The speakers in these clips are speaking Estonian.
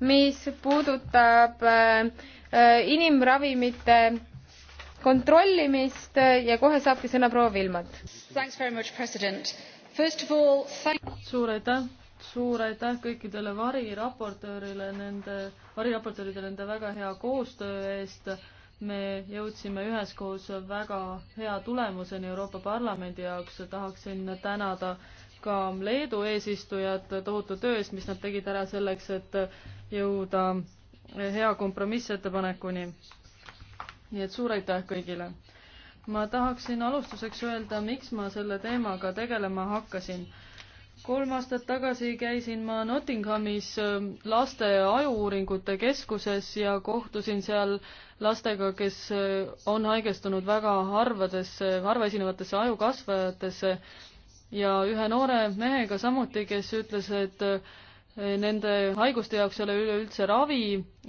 mis puudutab äh, inimravimite kontrollimist äh, ja kohe saabki sõna proua Vilmalt. suur aitäh, suur aitäh kõikidele variraportöörile nende, variraportööridele nende väga hea koostöö eest. me jõudsime üheskoos väga hea tulemuseni Euroopa Parlamendi jaoks, tahaksin tänada ka Leedu eesistujat tohutu töö eest, mis nad tegid ära selleks, et jõuda hea kompromissettepanekuni. nii et suur aitäh kõigile! ma tahaksin alustuseks öelda, miks ma selle teemaga tegelema hakkasin. kolm aastat tagasi käisin ma Nottinghamis ähm, laste ajuuuringute keskuses ja kohtusin seal lastega, kes äh, on haigestunud väga harvadesse, harva esinevatesse ajukasvajatesse ja ühe noore mehega samuti, kes ütles, et äh, nende haiguste jaoks ei ole üleüldse ravi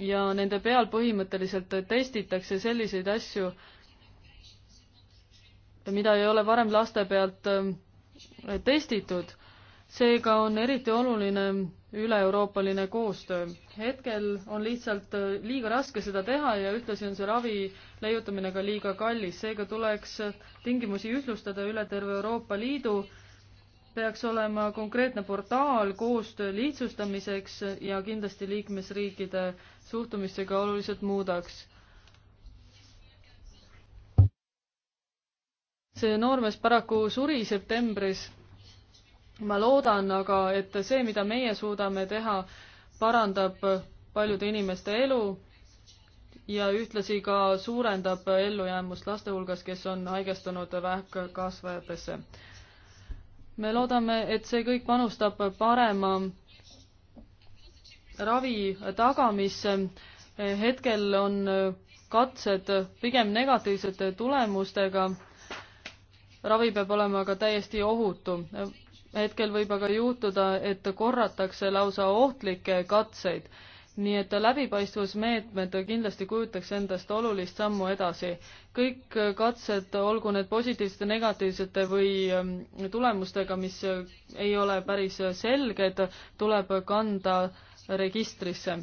ja nende peal põhimõtteliselt testitakse selliseid asju, mida ei ole varem laste pealt äh, testitud. seega on eriti oluline üle-euroopaline koostöö. hetkel on lihtsalt äh, liiga raske seda teha ja ühtlasi on see ravi leiutamine ka liiga kallis, seega tuleks tingimusi ühtlustada üle terve Euroopa Liidu peaks olema konkreetne portaal koostöö lihtsustamiseks ja kindlasti liikmesriikide suhtumisse ka oluliselt muudaks. see noormees paraku suri septembris. ma loodan aga, et see, mida meie suudame teha, parandab paljude inimeste elu ja ühtlasi ka suurendab ellujäämust laste hulgas, kes on haigestunud vähkkasvajatesse me loodame, et see kõik panustab parema ravi tagamisse. hetkel on katsed pigem negatiivsete tulemustega. ravi peab olema aga täiesti ohutu. hetkel võib aga juhtuda, et korratakse lausa ohtlikke katseid nii et läbipaistvusmeetmed kindlasti kujutaks endast olulist sammu edasi. kõik katsed, olgu need positiivsete, negatiivsete või ähm, tulemustega, mis ei ole päris selged, tuleb kanda registrisse.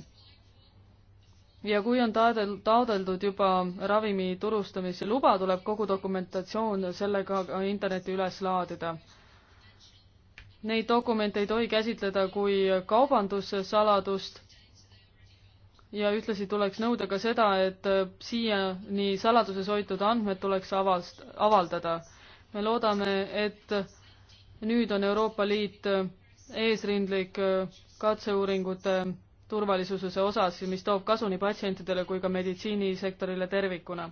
ja kui on taadel-, taodeldud juba ravimi turustamise luba, tuleb kogu dokumentatsioon sellega interneti üles laadida Neid dokumente ei tohi käsitleda kui kaubandussaladust ja ühtlasi tuleks nõuda ka seda, et äh, siiani saladuses hoitud andmed tuleks avast-, avaldada. me loodame, et nüüd on Euroopa Liit äh, eesrindlik äh, katseuuringute turvalisuse osas, mis toob kasu nii patsientidele kui ka meditsiinisektorile tervikuna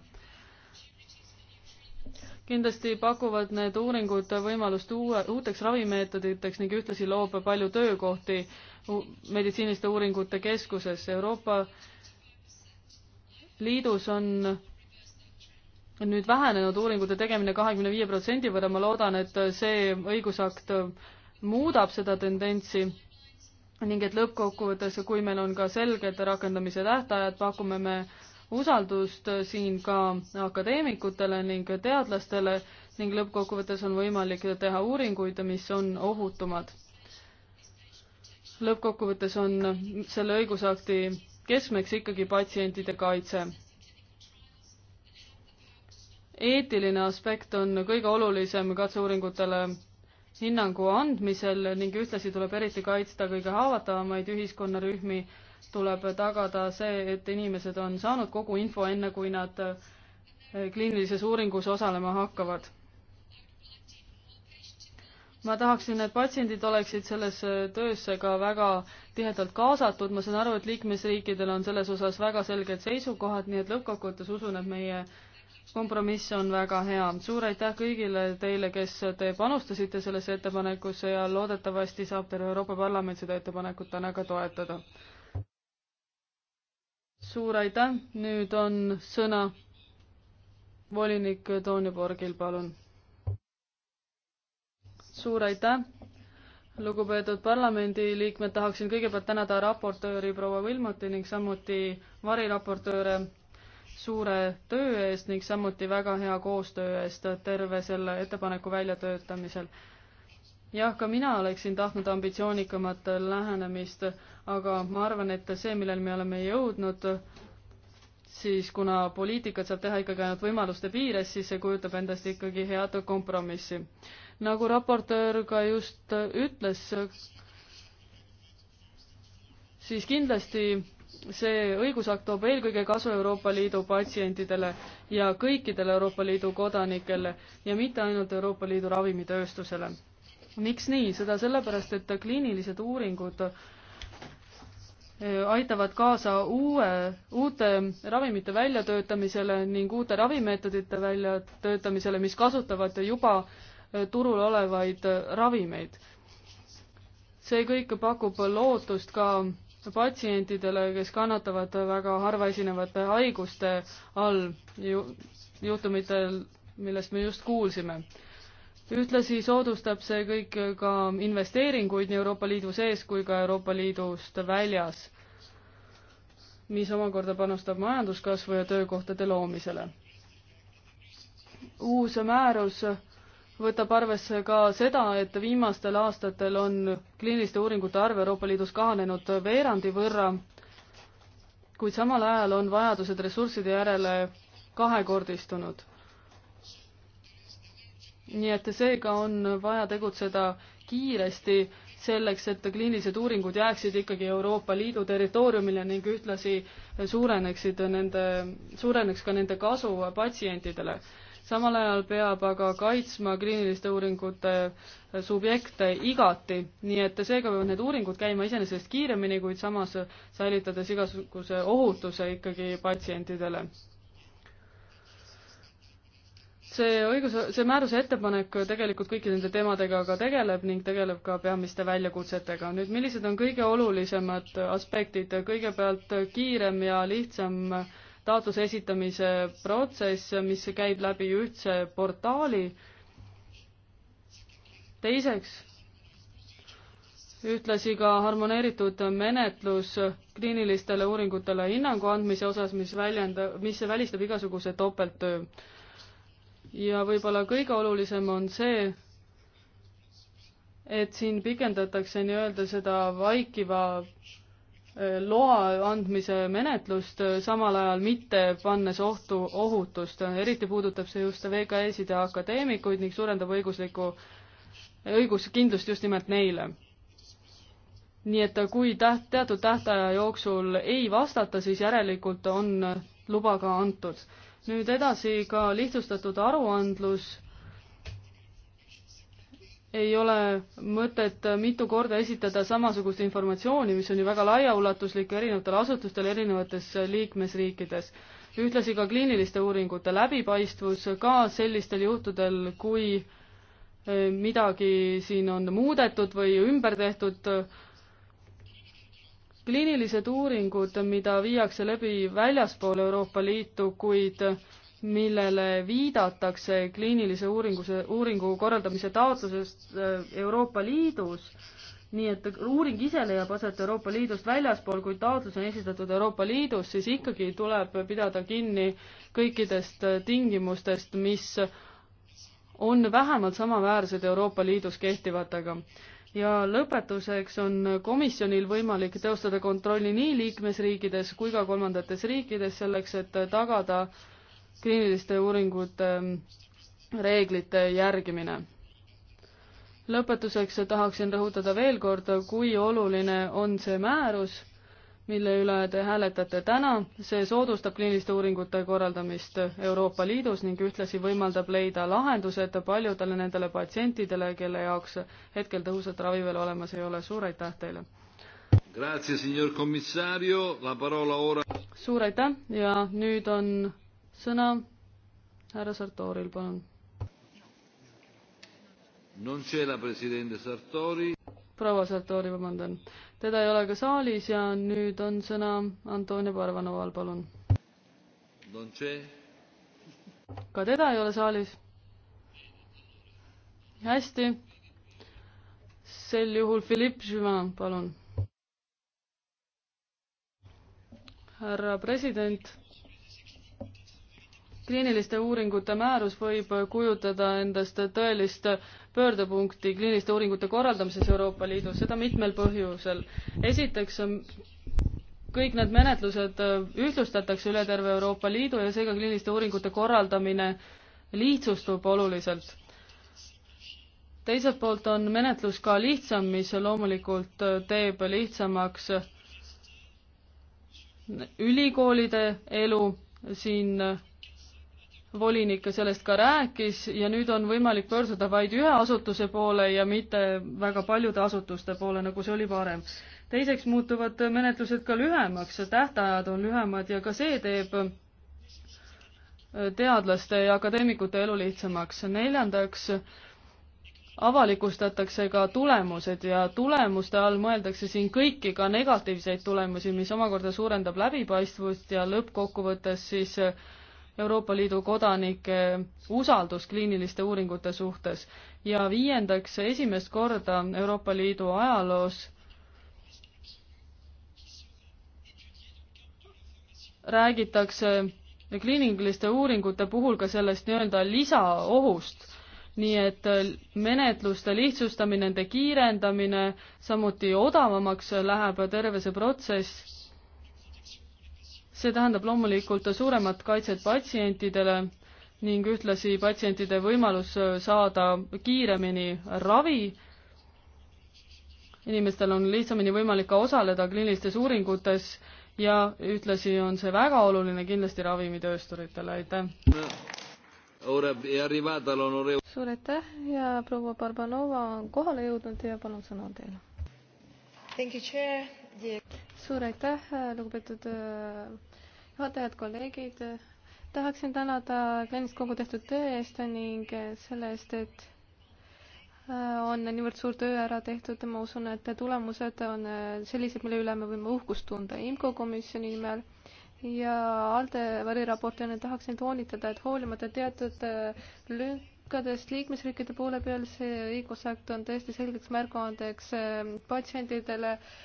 kindlasti pakuvad need uuringud võimalust uue, uuteks ravimeetoditeks ning ühtlasi loob palju töökohti meditsiiniliste uuringute keskuses. Euroopa Liidus on nüüd vähenenud uuringute tegemine kahekümne viie protsendi võrra, ma loodan, et see õigusakt muudab seda tendentsi ning et lõppkokkuvõttes, kui meil on ka selged rakendamise tähtajad, pakume me usaldust äh, siin ka akadeemikutele ning teadlastele ning lõppkokkuvõttes on võimalik teha uuringuid, mis on ohutumad. lõppkokkuvõttes on selle õigusakti keskmeks ikkagi patsientide kaitse eetiline aspekt on kõige olulisem katseuuringutele hinnangu andmisel ning ühtlasi tuleb eriti kaitsta kõige haavatavamaid ühiskonnarühmi tuleb tagada see, et inimesed on saanud kogu info, enne kui nad eh, kliinilises uuringus osalema hakkavad. ma tahaksin, et patsiendid oleksid sellesse eh, töösse ka väga tihedalt kaasatud, ma saan aru, et liikmesriikidel on selles osas väga selged seisukohad, nii et lõppkokkuvõttes usun, et meie kompromiss on väga hea. suur aitäh kõigile teile, kes te panustasite sellesse ettepanekusse ja loodetavasti saab terve Euroopa Parlament seda ettepanekut täna ka toetada suur aitäh, nüüd on sõna volinik Tooniborgil, palun. suur aitäh, lugupeetud parlamendiliikmed, tahaksin kõigepealt tänada raportööri proua Vilmuti ning samuti variraportööre suure töö eest ning samuti väga hea koostöö eest terve selle ettepaneku väljatöötamisel jah, ka mina oleksin tahtnud ambitsioonikamat lähenemist, aga ma arvan, et see, millel me oleme jõudnud, siis kuna poliitikat saab teha ikkagi ainult võimaluste piires, siis see kujutab endast ikkagi head kompromissi. nagu raportöör ka just ütles, siis kindlasti see õigusakt toob eelkõige kasu Euroopa Liidu patsientidele ja kõikidele Euroopa Liidu kodanikele ja mitte ainult Euroopa Liidu ravimitööstusele miks nii? seda sellepärast, et kliinilised uuringud eh, aitavad kaasa uue, uute ravimite väljatöötamisele ning uute ravimeetodite väljatöötamisele, mis kasutavad juba eh, turul olevaid eh, ravimeid. see kõik pakub lootust ka patsientidele, kes kannatavad väga harva esinevate haiguste all ju,, juhtumitel, millest me just kuulsime ühtlasi soodustab see kõik ka investeeringuid nii Euroopa Liidu sees kui ka Euroopa Liidust väljas, mis omakorda panustab majanduskasvu ja töökohtade loomisele. uus määrus võtab arvesse ka seda, et viimastel aastatel on kliiniliste uuringute arv Euroopa Liidus kahanenud veerandi võrra, kuid samal ajal on vajadused ressursside järele kahekordistunud nii et seega on vaja tegutseda kiiresti selleks, et kliinilised uuringud jääksid ikkagi Euroopa Liidu territooriumile ning ühtlasi suureneksid nende, suureneks ka nende kasu patsientidele. samal ajal peab aga kaitsma kliiniliste uuringute subjekte igati, nii et seega peavad need uuringud käima iseenesest kiiremini, kuid samas säilitades igasuguse ohutuse ikkagi patsientidele see õigus, see määruse ettepanek tegelikult kõikide nende teemadega ka tegeleb ning tegeleb ka peamiste väljakutsetega. nüüd, millised on kõige olulisemad aspektid? kõigepealt kiirem ja lihtsam taotluse esitamise protsess, mis käib läbi ühtse portaali. teiseks, ühtlasi ka harmoneeritud menetlus kliinilistele uuringutele hinnangu andmise osas, mis väljenda-, mis välistab igasuguse topelttöö ja võib-olla kõige olulisem on see, et siin pikendatakse nii-öelda seda vaikiva äh, loa andmise menetlust, äh, samal ajal mitte pannes ohtu ohutust, eriti puudutab see just VKE-sid ja akadeemikuid ning suurendab õiguslikku, õiguskindlust just nimelt neile. nii et kui täht, teatud tähtaja jooksul ei vastata, siis järelikult on äh, luba ka antud nüüd edasi ka lihtsustatud aruandlus. ei ole mõtet mitu korda esitada samasugust informatsiooni, mis on ju väga laiaulatuslik erinevatel asutustel erinevates liikmesriikides. ühtlasi ka kliiniliste uuringute läbipaistvus ka sellistel juhtudel, kui eh, midagi siin on muudetud või ümber tehtud, kliinilised uuringud, mida viiakse läbi väljaspool Euroopa Liitu, kuid millele viidatakse kliinilise uuringuse, uuringu korraldamise taotlusest äh, Euroopa Liidus, nii et uuring ise leiab aset Euroopa Liidust väljaspool, kui taotlus on esitatud Euroopa Liidus, siis ikkagi tuleb pidada kinni kõikidest äh, tingimustest, mis on vähemalt samaväärsed Euroopa Liidus kehtivatega ja lõpetuseks on komisjonil võimalik teostada kontrolli nii liikmesriikides kui ka kolmandates riikides selleks, et tagada kliiniliste uuringute ähm, reeglite järgimine. lõpetuseks tahaksin rõhutada veel kord, kui oluline on see määrus mille üle te hääletate täna, see soodustab kliiniliste uuringute korraldamist Euroopa Liidus ning ühtlasi võimaldab leida lahendused paljudele nendele patsientidele, kelle jaoks hetkel tõhusat ravi veel olemas ei ole. suur aitäh teile! suur aitäh ja nüüd on sõna härra Sartoril, palun. proua Sartori, vabandan teda ei ole ka saalis ja nüüd on sõna Antonia Parvanoval, palun. ka teda ei ole saalis. hästi. sel juhul Philippe Juvin, palun. härra president kliiniliste uuringute määrus võib kujutada endast tõelist pöördepunkti kliiniliste uuringute korraldamises Euroopa Liidus, seda mitmel põhjusel. esiteks, kõik need menetlused ühtlustatakse üle terve Euroopa Liidu ja seega kliiniliste uuringute korraldamine lihtsustub oluliselt. teiselt poolt on menetlus ka lihtsam, mis loomulikult teeb lihtsamaks ülikoolide elu siin volinik sellest ka rääkis ja nüüd on võimalik pöörduda vaid ühe asutuse poole ja mitte väga paljude asutuste poole, nagu see oli varem. teiseks muutuvad menetlused ka lühemaks, tähtajad on lühemad ja ka see teeb teadlaste ja akadeemikute elu lihtsamaks. neljandaks avalikustatakse ka tulemused ja tulemuste all mõeldakse siin kõiki, ka negatiivseid tulemusi, mis omakorda suurendab läbipaistvust ja lõppkokkuvõttes siis Euroopa Liidu kodanike usaldus kliiniliste uuringute suhtes ja viiendaks, esimest korda Euroopa Liidu ajaloos räägitakse kliiniliste uuringute puhul ka sellest nii-öelda lisaohust, nii et menetluste lihtsustamine, nende kiirendamine, samuti odavamaks läheb terve see protsess see tähendab loomulikult suuremat kaitset patsientidele ning ühtlasi patsientide võimalus saada kiiremini ravi. inimestel on lihtsamini võimalik ka osaleda kliinilistes uuringutes ja ühtlasi on see väga oluline kindlasti ravimitöösturitele, aitäh. suur aitäh ja proua Barbanova on kohale jõudnud ja palun sõna on teil suur aitäh, lugupeetud äh, juhatajad, kolleegid. tahaksin tänada kliendist kogu tehtud töö eest ning selle eest, et äh, on niivõrd suur töö ära tehtud ja ma usun, et tulemused on äh, sellised, mille üle me võime uhkust tunda IMCO komisjoni nimel ja ALDE variraportina tahaksin toonitada, et hoolimata teatud lünkadest liikmesriikide poole peal, see õigusakt on tõesti selgeks märguandeks patsientidele äh,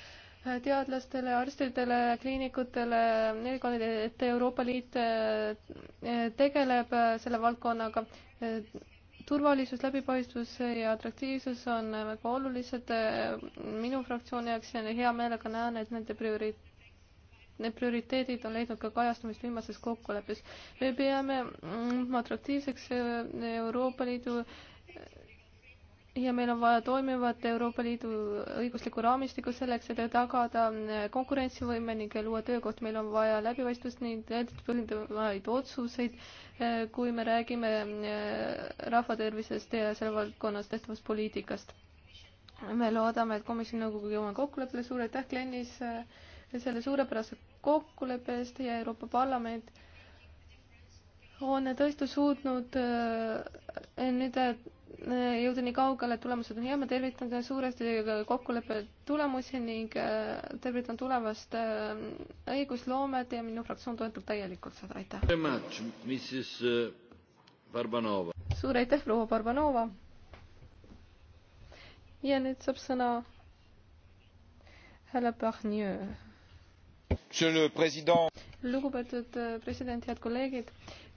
teadlastele, arstidele, kliinikutele, erikonnale, et Euroopa Liit eh, eh, tegeleb eh, selle valdkonnaga. turvalisus, läbipaistvus ja atraktiivsus on väga olulised minu fraktsiooni jaoks ja hea meelega näen, et nende priori-, need prioriteedid on leidnud ka kajastamist viimases kokkuleppes. me peame mm, atraktiivseks Euroopa Liidu äh, ja meil on vaja toimivat Euroopa Liidu õiguslikku raamistikku selleks, et tagada konkurentsivõime ning luua töökoht. meil on vaja läbipaistvust ning tõenduspõhindavaid otsuseid, kui me räägime eh, rahvatervisest ja selle valdkonnas tehtavast poliitikast. me loodame, et komisjoni nõukogu jõuab kokkuleppele. suur aitäh, Glenis, eh, selle suurepärase kokkuleppe eest ja Euroopa Parlament on tõesti suutnud eh, nüüd jõuda nii kaugele, et tulemused on hea, ma tervitan suuresti kokkuleppe tulemusi ning äh, tervitan tulevast äh, õigusloomet ja minu fraktsioon toetab täielikult seda, aitäh. Äh, suur aitäh, proua Barbanova. ja nüüd saab sõna härra Barnier lugupeetud äh, president, head kolleegid.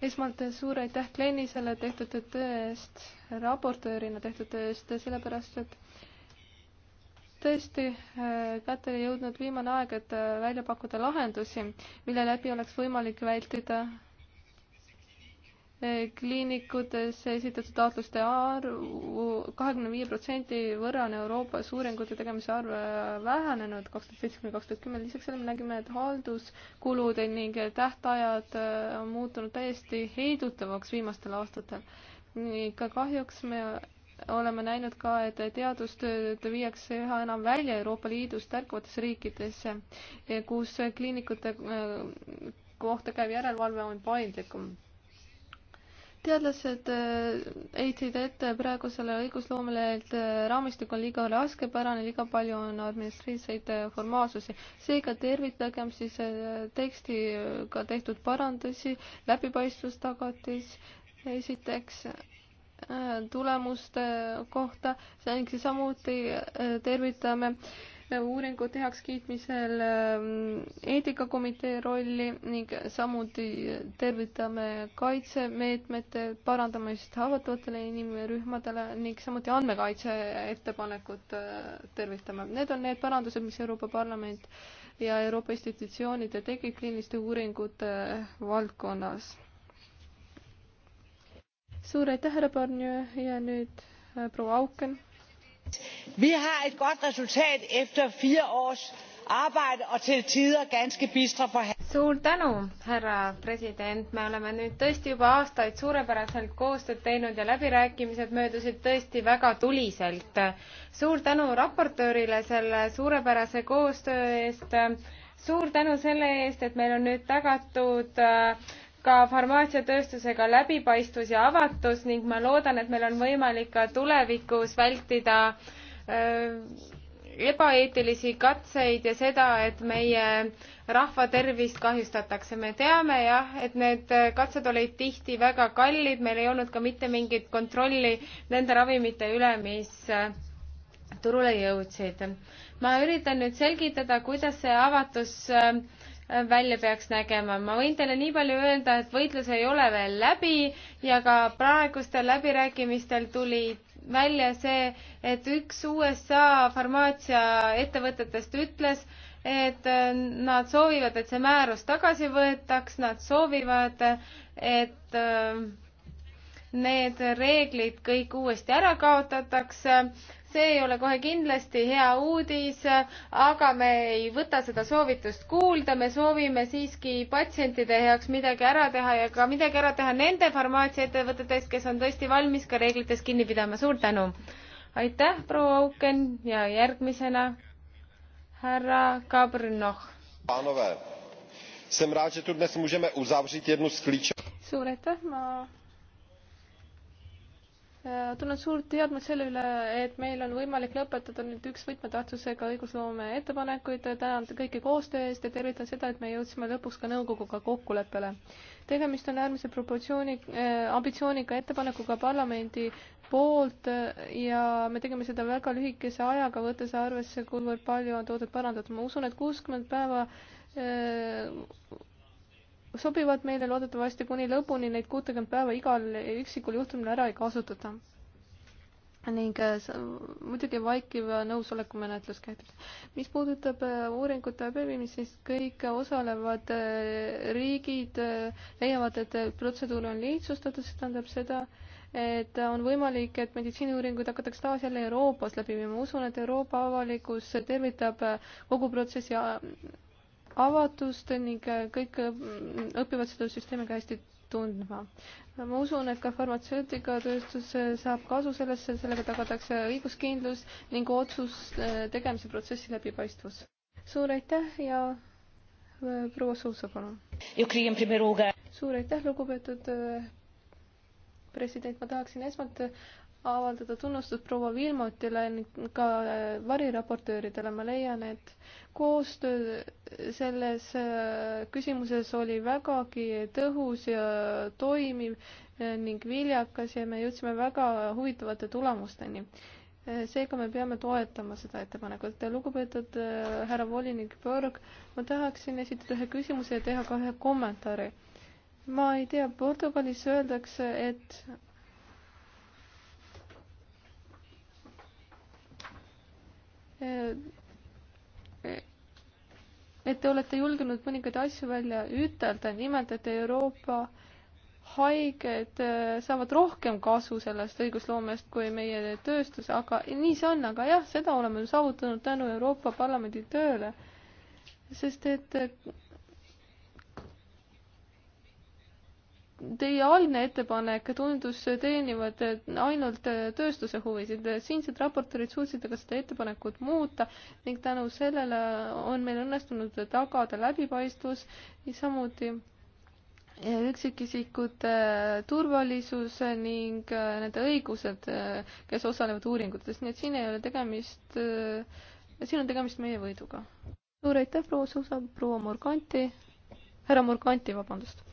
esmalt äh, suur aitäh Glenisele tehtud töö eest, raportöörina tehtud töö eest, sellepärast et tõesti äh, kätte jõudnud viimane aeg, et välja pakkuda lahendusi, mille läbi oleks võimalik vältida kliinikutes esitatud taotluste arvu kahekümne viie protsendi võrra on Euroopas uuringute tegemise arv äh, vähenenud kaks tuhat seitse kuni kaks tuhat kümme. lisaks sellele me nägime, et halduskulud ning tähtajad äh, on muutunud täiesti heidutavaks viimastel aastatel. ka kahjuks me oleme näinud ka, et teadustööd viiakse üha enam välja Euroopa Liidust ärkavatesse riikidesse, kus kliinikute äh, kohta käiv järelevalve on paindlikum teadlased äh, heitsid ette praegusele õigusloomele, et äh, raamistik on liiga raskepärane, liiga palju on administratiivseid äh, formaalsusi. seega tervitagem siis tekstiga tehtud parandusi, läbipaistvustagatis esiteks tulemuste kohta, samuti tervitame äh, uuringute heakskiitmisel ähm, eetikakomitee rolli ning samuti tervitame kaitsemeetmete parandamist haavatavatele inimrühmadele ning samuti andmekaitse ettepanekut äh, tervitame. Need on need parandused, mis Euroopa Parlament ja Euroopa institutsioonide tegid kliiniliste uuringute äh, valdkonnas. suur aitäh, härra Barnjö ja nüüd äh, proua Auken Vi har et godt resultat efter fire års arbejde og til tider ganske bistre forhandlinger. suur tänu, härra president, me oleme nüüd tõesti juba aastaid suurepäraselt koostööd teinud ja läbirääkimised möödusid tõesti väga tuliselt. suur tänu raportöörile selle suurepärase koostöö eest. suur tänu selle eest, et meil on nüüd tagatud äh, ka farmaatsiatööstusega läbipaistvus ja avatus ning ma loodan, et meil on võimalik ka tulevikus vältida äh, ebaeetilisi katseid ja seda, et meie rahva tervist kahjustatakse. me teame jah, et need katsed olid tihti väga kallid, meil ei olnud ka mitte mingit kontrolli nende ravimite üle, mis äh, turule jõudsid. ma üritan nüüd selgitada, kuidas see avatus äh, välja peaks nägema. ma võin teile nii palju öelda, et võitlus ei ole veel läbi ja ka praegustel läbirääkimistel tuli välja see, et üks USA farmaatsiaettevõtetest ütles, et nad soovivad, et see määrus tagasi võetaks, nad soovivad, et äh, need reeglid kõik uuesti ära kaotatakse see ei ole kohe kindlasti hea uudis, aga me ei võta seda soovitust kuulda, me soovime siiski patsientide heaks midagi ära teha ja ka midagi ära teha nende farmaatsiaettevõtete eest, kes on tõesti valmis ka reeglitest kinni pidama, suur tänu! aitäh, proua Auken ja järgmisena härra Kabrnoh. suur aitäh, ma tunnen suurt teadmat selle üle, et meil on võimalik lõpetada nüüd üks võtmetähtsusega õigusloome ettepanekuid. tänan kõiki koostöö eest ja tervitan seda, et me jõudsime lõpuks ka nõukoguga kokkuleppele. tegemist on äärmise proportsiooni äh,, ambitsiooniga ettepanekuga parlamendi poolt ja me tegime seda väga lühikese ajaga, võttes arvesse, kuivõrd palju on toodet parandatud. ma usun, et kuuskümmend päeva äh, sobivad meile loodetavasti kuni lõpuni neid kuutekümmet päeva igal üksikul juhtumil ära ei kasutata. ning äh, muidugi vaikiv nõusolekumenetlus käib. mis puudutab äh, uuringute läbiviimist, siis kõik osalevad äh, riigid leiavad, et protseduur on lihtsustatud, see tähendab seda, et on võimalik, et meditsiiniuuringuid hakatakse taas jälle Euroopas läbi viima. usun, et Euroopa avalikkus tervitab kogu protsessi avatust ning äh, kõik äh, õpivad seda süsteemi ka hästi tundma. ma usun, et ka farmatseutikatööstus äh, saab kasu sellesse, sellega tagatakse õiguskindlus ning otsus tegemise protsessi läbipaistvus. suur aitäh ja proua Suusa, palun. suur aitäh, lugupeetud president, ma tahaksin esmalt avaldada tunnustust proua Vilmotile ning ka äh, variraportööridele, ma leian, et koostöö selles äh, küsimuses oli vägagi tõhus ja toimiv äh, ning viljakas ja me jõudsime väga huvitavate tulemusteni. seega me peame toetama seda ettepanekut. lugupeetud härra volinik Borg, ma tahaksin esitada ühe küsimuse ja teha ka ühe kommentaari. ma ei tea, Portugalis öeldakse, et Äh, et te olete julgenud mõningaid asju välja ütelda, nimelt, et Euroopa haiged äh, saavad rohkem kasu sellest õigusloomest kui meie tööstus, aga nii see on, aga jah, seda oleme saavutanud tänu Euroopa Parlamendi tööle. sest et äh, Teie algne ettepanek tundus teenivat äh, ainult äh, tööstuse huvisid. siinsed raportorid suutsid aga seda ettepanekut muuta ning tänu sellele on meil õnnestunud tagada läbipaistvus, samuti äh, üksikisikute turvalisus ning nende õigused, kes osalevad uuringutes, nii et siin ei ole tegemist, siin on tegemist meie võiduga. suur aitäh, proua Suusa, proua Morganti, härra Morganti, vabandust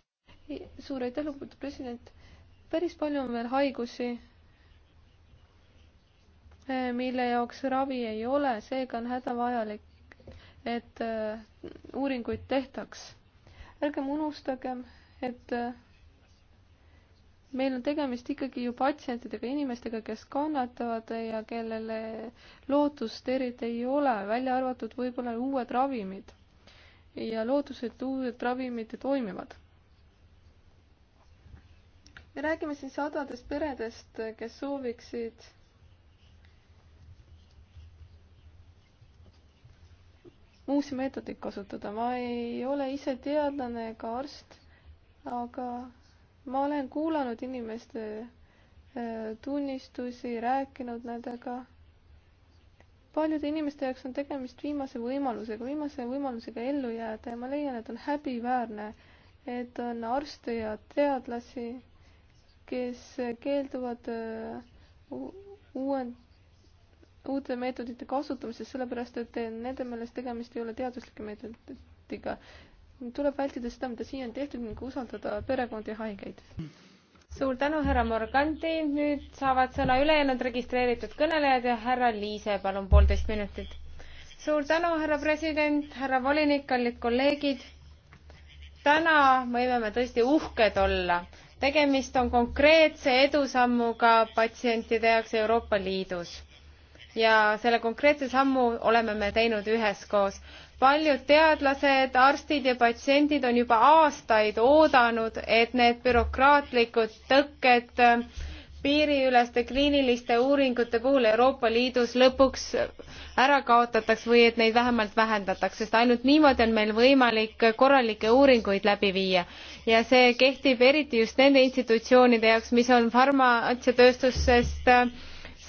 suur aitäh, lugupeetud president. päris palju on veel haigusi, eh, mille jaoks ravi ei ole, seega on hädavajalik, et eh, uuringuid tehtaks. ärgem unustagem, et eh, meil on tegemist ikkagi ju patsientidega, inimestega, kes kannatavad ja kellele lootust eriti ei ole, välja arvatud võib-olla uued ravimid. ja lootus, et uued ravimid toimivad me räägime siin sadadest peredest, kes sooviksid uusi meetodeid kasutada. ma ei ole ise teadlane ega arst, aga ma olen kuulanud inimeste äh, tunnistusi, rääkinud nendega. paljude inimeste jaoks on tegemist viimase võimalusega, viimase võimalusega ellu jääda ja ma leian, et on häbiväärne, et on arste ja teadlasi kes keelduvad äh, uuend-, uute meetodite kasutamisest, sellepärast et äh, nende meelest tegemist ei ole teaduslike meetoditega. tuleb vältida seda, mida siiani on tehtud ning usaldada perekondi ja haigeid. suur tänu, härra Morganti, nüüd saavad sõna ülejäänud registreeritud kõnelejad ja härra Liise, palun poolteist minutit. suur tänu, härra president, härra volinik, kallid kolleegid. täna võime me tõesti uhked olla tegemist on konkreetse edusammuga patsientide jaoks Euroopa Liidus ja selle konkreetse sammu oleme me teinud üheskoos. paljud teadlased, arstid ja patsiendid on juba aastaid oodanud, et need bürokraatlikud tõkked piiriüleste kliiniliste uuringute puhul Euroopa Liidus lõpuks ära kaotataks või et neid vähemalt vähendataks, sest ainult niimoodi on meil võimalik korralikke uuringuid läbi viia. ja see kehtib eriti just nende institutsioonide jaoks, mis on farmaatsiatööstusest äh,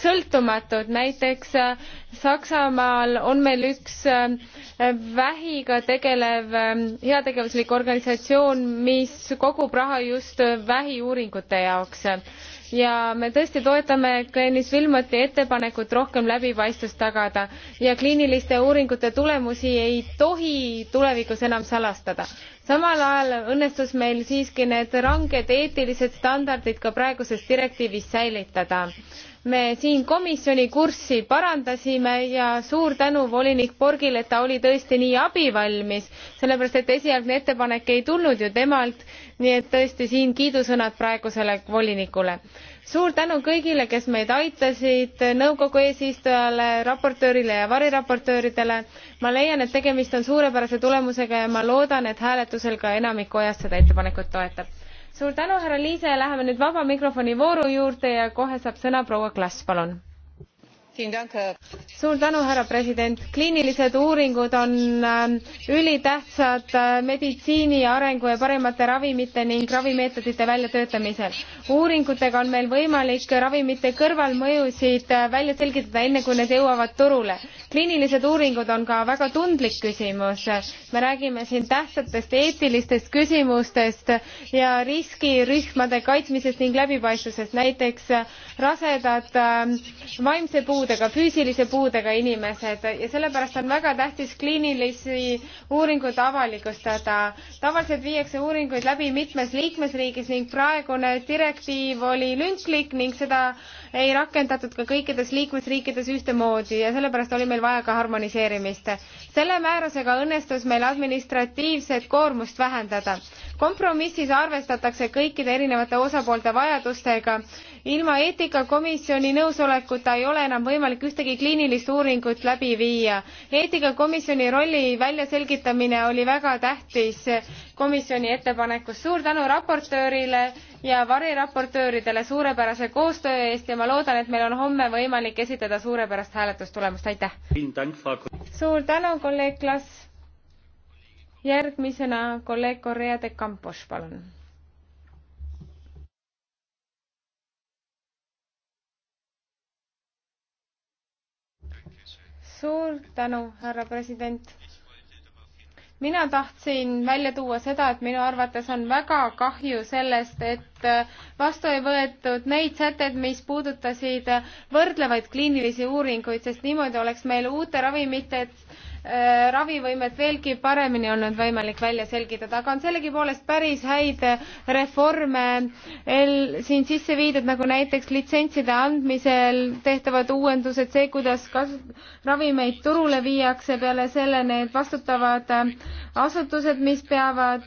sõltumatud, näiteks äh, Saksamaal on meil üks äh, vähiga tegelev ähm, heategevuslik organisatsioon, mis kogub raha just vähiuuringute jaoks ja me tõesti toetame Glenis Vilmoti ettepanekut rohkem läbipaistvust tagada ja kliiniliste uuringute tulemusi ei tohi tulevikus enam salastada samal ajal õnnestus meil siiski need ranged eetilised standardid ka praeguses direktiivis säilitada me siin komisjoni kurssi parandasime ja suur tänu volinik borgile et ta oli tõesti nii abivalmis sellepärast et esialgne ettepanek ei tulnud ju temalt nii et tõesti siin kiidusõnad praegusele volinikule suur tänu kõigile kes meid aitasid nõukogu eesistujale raportöörile ja variraportööridele ma leian et tegemist on suurepärase tulemusega ja ma loodan et hääletusel ka enamik kojast seda ettepanekut toetab suur tänu härra liese ja läheme nüüd vaba mikrofoni vooru juurde ja kohe saab sõna proua klass palun suur tänu härra president kliinilised uuringud on ähm, ülitähtsad äh, meditsiini arengu ja parimate ravimite ning ravimeetodite väljatöötamisel uuringutega on meil võimalik ravimite kõrvalmõjusid äh, välja selgitada enne kui need jõuavad turule kliinilised uuringud on ka väga tundlik küsimus me räägime siin tähtsatest eetilistest küsimustest ja riskirühmade kaitsmisest ning läbipaistvusest näiteks äh, rasedad ähm, vaimse puudega puudega, füüsilise puudega inimesed ja sellepärast on väga tähtis kliinilisi uuringuid avalikustada. tavaliselt viiakse uuringuid läbi mitmes liikmesriigis ning praegune direktiiv oli lünklik ning seda ei rakendatud ka kõikides liikmesriikides ühtemoodi ja sellepärast oli meil vaja ka harmoniseerimist. selle määrusega õnnestus meil administratiivset koormust vähendada. kompromissis arvestatakse kõikide erinevate osapoolte vajadustega ilma eetikakomisjoni nõusolekuta ei ole enam võimalik ühtegi kliinilist uuringut läbi viia. eetikakomisjoni rolli väljaselgitamine oli väga tähtis komisjoni ettepanekus. suur tänu raportöörile ja variraportööridele suurepärase koostöö eest ja ma loodan, et meil on homme võimalik esitada suurepärast hääletustulemust. aitäh! suur tänu, kolleeg Klas! järgmisena kolleeg Correa de Campos, palun suur tänu, härra president. mina tahtsin välja tuua seda, et minu arvates on väga kahju sellest, et vastu ei võetud neid sätteid, mis puudutasid võrdlevaid kliinilisi uuringuid, sest niimoodi oleks meil uute ravimite Äh, ravivõimet veelgi paremini olnud võimalik välja selgitada, aga on sellegipoolest päris häid äh, reforme siin sisse viidud, nagu näiteks litsentside andmisel tehtavad uuendused, see, kuidas kas-, ravimeid turule viiakse, peale selle need vastutavad äh, asutused, mis peavad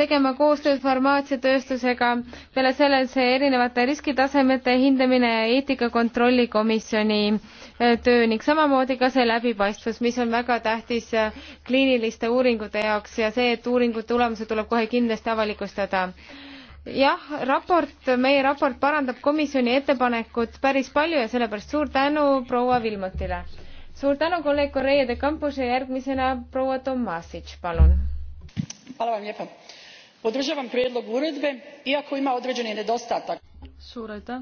tegema koostööd farmaatsiatööstusega, peale selle see erinevate riskitasemete hindamine ja eetikakontrolli komisjoni Äh, töö ning samamoodi ka see läbipaistvus, mis on väga tähtis äh, kliiniliste uuringute jaoks ja see, et uuringu tulemused tuleb kohe kindlasti avalikustada jah, raport, meie raport parandab komisjoni ettepanekut päris palju ja sellepärast suur tänu proua Vilmotile. suur tänu kolleeg Correia de Campos ja järgmisena proua Tomasic, palun. suur aitäh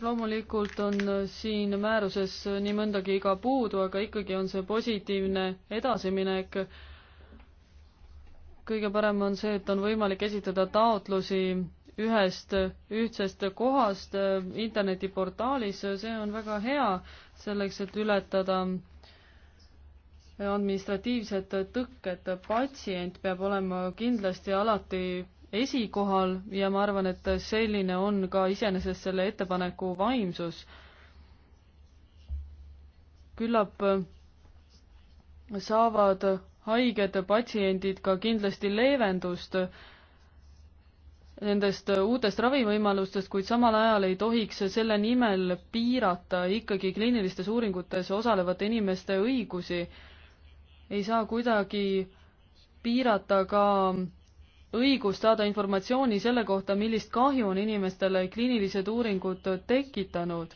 loomulikult on äh, siin määruses äh, nii mõndagi ka puudu, aga ikkagi on see positiivne edasiminek. kõige parem on see, et on võimalik esitada taotlusi ühest ühtsest kohast äh, internetiportaalis, see on väga hea selleks, et ületada administratiivsed tõkked. patsient peab olema kindlasti alati esikohal ja ma arvan, et selline on ka iseenesest selle ettepaneku vaimsus. küllap saavad haiged patsiendid ka kindlasti leevendust nendest uutest ravivõimalustest, kuid samal ajal ei tohiks selle nimel piirata ikkagi kliinilistes uuringutes osalevate inimeste õigusi. ei saa kuidagi piirata ka õigus saada informatsiooni selle kohta, millist kahju on inimestele kliinilised uuringud tekitanud.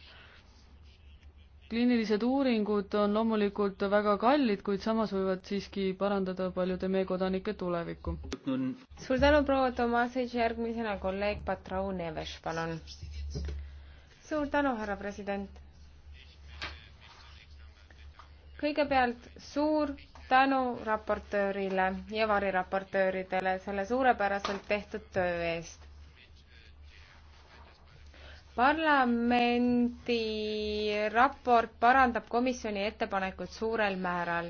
kliinilised uuringud on loomulikult väga kallid, kuid samas võivad siiski parandada paljude meie kodanike tulevikku. suur tänu, proua Tomasevitš, järgmisena kolleeg Patrau Neves, palun. suur tänu, härra president. kõigepealt suur tänu raportöörile ja variraportööridele selle suurepäraselt tehtud töö eest. parlamendi raport parandab komisjoni ettepanekut suurel määral.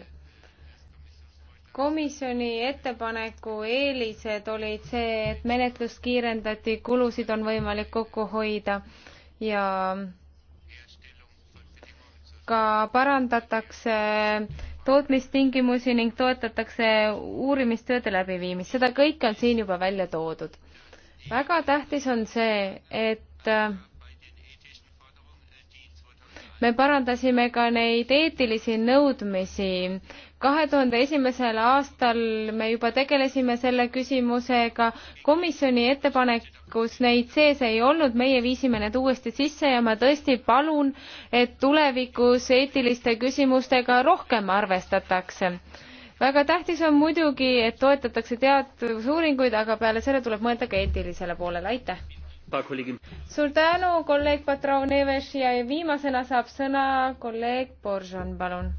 komisjoni ettepaneku eelised olid see, et menetlust kiirendati, kulusid on võimalik kokku hoida ja ka parandatakse tootmistingimusi ning toetatakse uurimistööde läbiviimist, seda kõike on siin juba välja toodud. väga tähtis on see, et äh, me parandasime ka neid eetilisi nõudmisi kahe tuhande esimesel aastal me juba tegelesime selle küsimusega, komisjoni ettepanekus neid sees ei olnud, meie viisime need uuesti sisse ja ma tõesti palun, et tulevikus eetiliste küsimustega rohkem arvestatakse väga tähtis on muidugi, et toetatakse teadusuuringuid, aga peale selle tuleb mõelda ka eetilisele poolele, aitäh! suur tänu, kolleeg Patrov Neves ja viimasena saab sõna kolleeg Boržon, palun!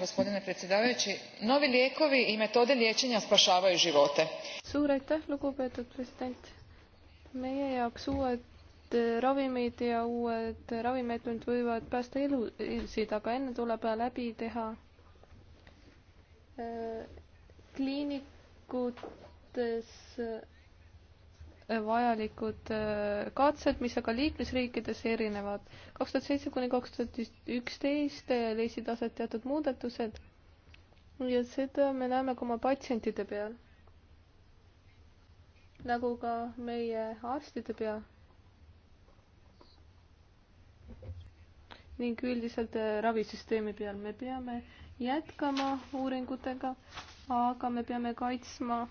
gospodine predsjedavajući novi lijekovi i metode liječenja spašavaju živote. suur aitäh lugupeetud president meie jaoks uued ravimid ja uued ravimeetmed võivad päästa elusid aga enne tuleb läbi teha äh, kliinikutes Äh, vajalikud äh, katsed, mis aga liikmesriikides erinevad. kaks tuhat seitse kuni kaks tuhat üksteist äh, leidsid aset teatud muudatused ja seda me näeme ka oma patsientide peal. nagu ka meie arstide peal. ning üldiselt ravisüsteemi peal me peame jätkama uuringutega, aga me peame kaitsma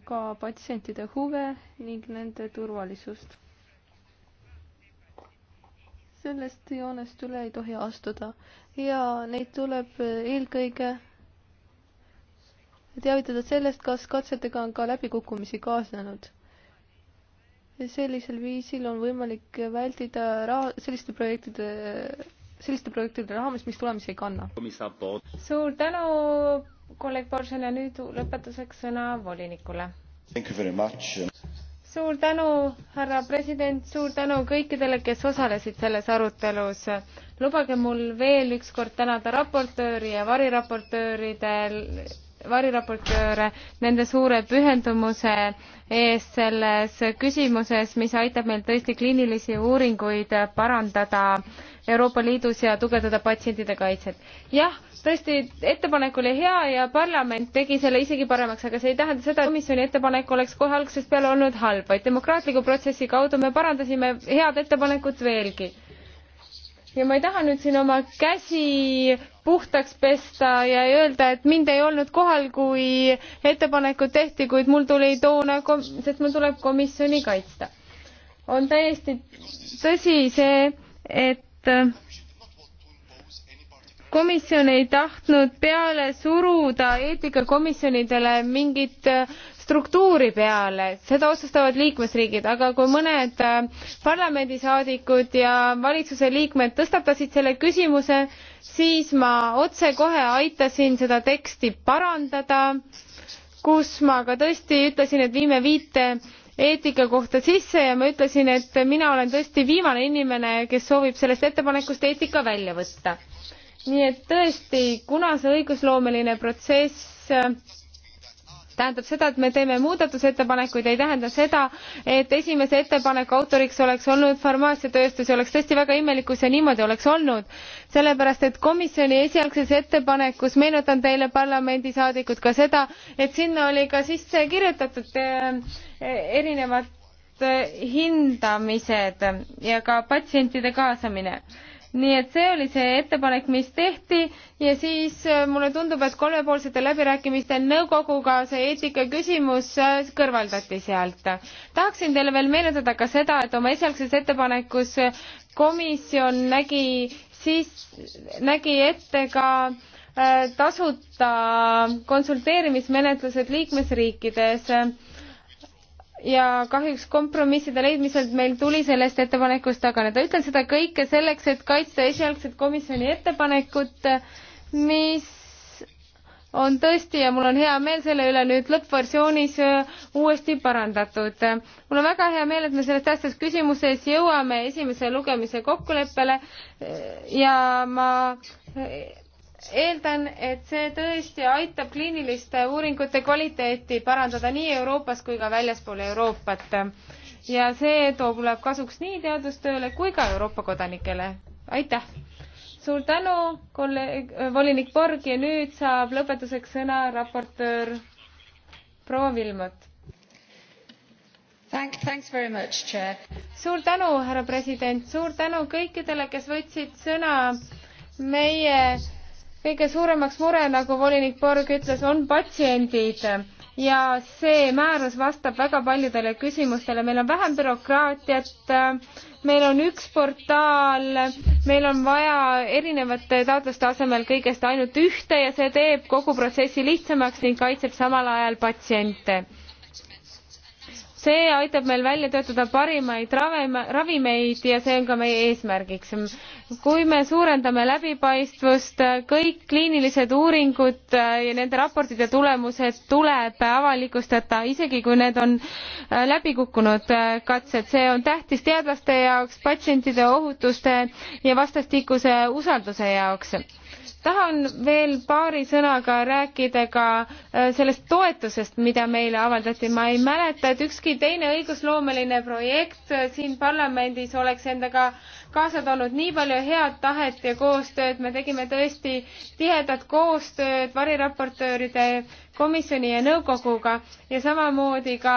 ka patsientide huve ning nende turvalisust. sellest joonest üle ei tohi astuda ja neid tuleb eelkõige teavitada sellest, kas katsetega on ka läbikukkumisi kaasnenud. sellisel viisil on võimalik vältida raha, selliste projektide, selliste projektide raames, mis tulemusi ei kanna. suur tänu, kolleeg Borsen ja nüüd lõpetuseks sõna volinikule. suur tänu, härra president, suur tänu kõikidele, kes osalesid selles arutelus. lubage mul veel ükskord tänada raportööri ja variraportööride variraportööre nende suure pühendumuse eest selles küsimuses, mis aitab meil tõesti kliinilisi uuringuid parandada Euroopa Liidus ja tugevdada patsientide kaitset. jah, tõesti, ettepanek oli hea ja parlament tegi selle isegi paremaks, aga see ei tähenda seda, et komisjoni ettepanek oleks kohe algusest peale olnud halb, vaid demokraatliku protsessi kaudu me parandasime head ettepanekut veelgi ja ma ei taha nüüd siin oma käsi puhtaks pesta ja öelda, et mind ei olnud kohal, kui ettepanekud tehti, kuid mul tuli toona, sest mul tuleb komisjoni kaitsta. on täiesti tõsi see, et komisjon ei tahtnud peale suruda eetikakomisjonidele mingit struktuuri peale, seda otsustavad liikmesriigid, aga kui mõned äh, parlamendisaadikud ja valitsuse liikmed tõstatasid selle küsimuse, siis ma otsekohe aitasin seda teksti parandada, kus ma ka tõesti ütlesin, et viime viite eetika kohta sisse ja ma ütlesin, et mina olen tõesti viimane inimene, kes soovib sellest ettepanekust eetika välja võtta. nii et tõesti, kuna see õigusloomeline protsess äh, tähendab seda, et me teeme muudatusettepanekuid, ei tähenda seda, et esimese ettepaneku autoriks oleks olnud farmaatsiatööstus ja oleks tõesti väga imelik, kui see niimoodi oleks olnud. sellepärast, et komisjoni esialgses ettepanekus, meenutan teile, parlamendisaadikud, ka seda, et sinna oli ka sisse kirjutatud eh, erinevad eh, hindamised ja ka patsientide kaasamine nii et see oli see ettepanek, mis tehti ja siis äh, mulle tundub, et kolmepoolsetel läbirääkimistel nõukoguga see eetikaküsimus äh, kõrvaldati sealt. tahaksin teile veel meenutada ka seda, et oma esialgses ettepanekus äh, komisjon nägi siis, nägi ette ka tasuta konsulteerimismenetlused liikmesriikides ja kahjuks kompromisside leidmisel meil tuli sellest ettepanekust taganeda. ütlen seda kõike selleks, et kaitsta esialgset komisjoni ettepanekut, mis on tõesti ja mul on hea meel selle üle nüüd lõppversioonis äh, uuesti parandatud. mul on väga hea meel, et me selles tähtsas küsimuses jõuame esimese lugemise kokkuleppele äh, ja ma eeldan, et see tõesti aitab kliiniliste uuringute kvaliteeti parandada nii Euroopas kui ka väljaspool Euroopat. ja see tuleb kasuks nii teadustööle kui ka Euroopa kodanikele. aitäh! suur tänu, kolleeg, äh, volinik Borg ja nüüd saab lõpetuseks sõna raportöör proua Vilmot. Thank, thanks very much, Chair. suur tänu, härra president, suur tänu kõikidele, kes võtsid sõna meie kõige suuremaks mure, nagu volinik Borg ütles, on patsiendid ja see määrus vastab väga paljudele küsimustele. meil on vähem bürokraatiat, meil on üks portaal, meil on vaja erinevate taotluste asemel kõigest ainult ühte ja see teeb kogu protsessi lihtsamaks ning kaitseb samal ajal patsiente see aitab meil välja töötada parimaid ravimeid ja see on ka meie eesmärgiks. kui me suurendame läbipaistvust, kõik kliinilised uuringud äh, ja nende raportide tulemused tuleb avalikustada, isegi kui need on äh, läbikukkunud äh, katsed, see on tähtis teadlaste jaoks, patsientide ohutuste ja vastastikuse usalduse jaoks tahan veel paari sõnaga rääkida ka äh, sellest toetusest, mida meile avaldati. ma ei mäleta, et ükski teine õigusloomeline projekt äh, siin parlamendis oleks endaga kaasa toonud nii palju head tahet ja koostööd. me tegime tõesti tihedat koostööd variraportööride komisjoni ja nõukoguga ja samamoodi ka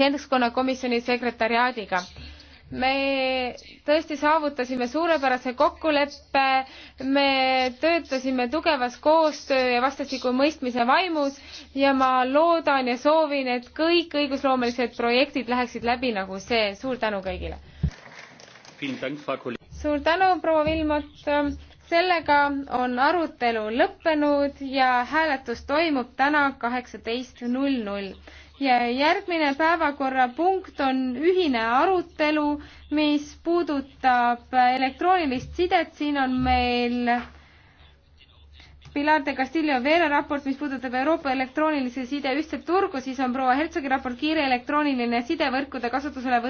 keskkonnakomisjoni sekretariaadiga me tõesti saavutasime suurepärase kokkuleppe, me töötasime tugevas koostöö ja vastastikku mõistmise vaimus ja ma loodan ja soovin, et kõik õigusloomelised projektid läheksid läbi nagu see. suur tänu kõigile! suur tänu, proua Vilmot! sellega on arutelu lõppenud ja hääletus toimub täna kaheksateist null null ja järgmine päevakorrapunkt on ühine arutelu, mis puudutab elektroonilist sidet, siin on meil Pilar de Castillo Vera raport, mis puudutab Euroopa elektroonilise side ühtset turgu, siis on proua Hertsogi raport kiire elektrooniline side võrkude kasutusele võtmine.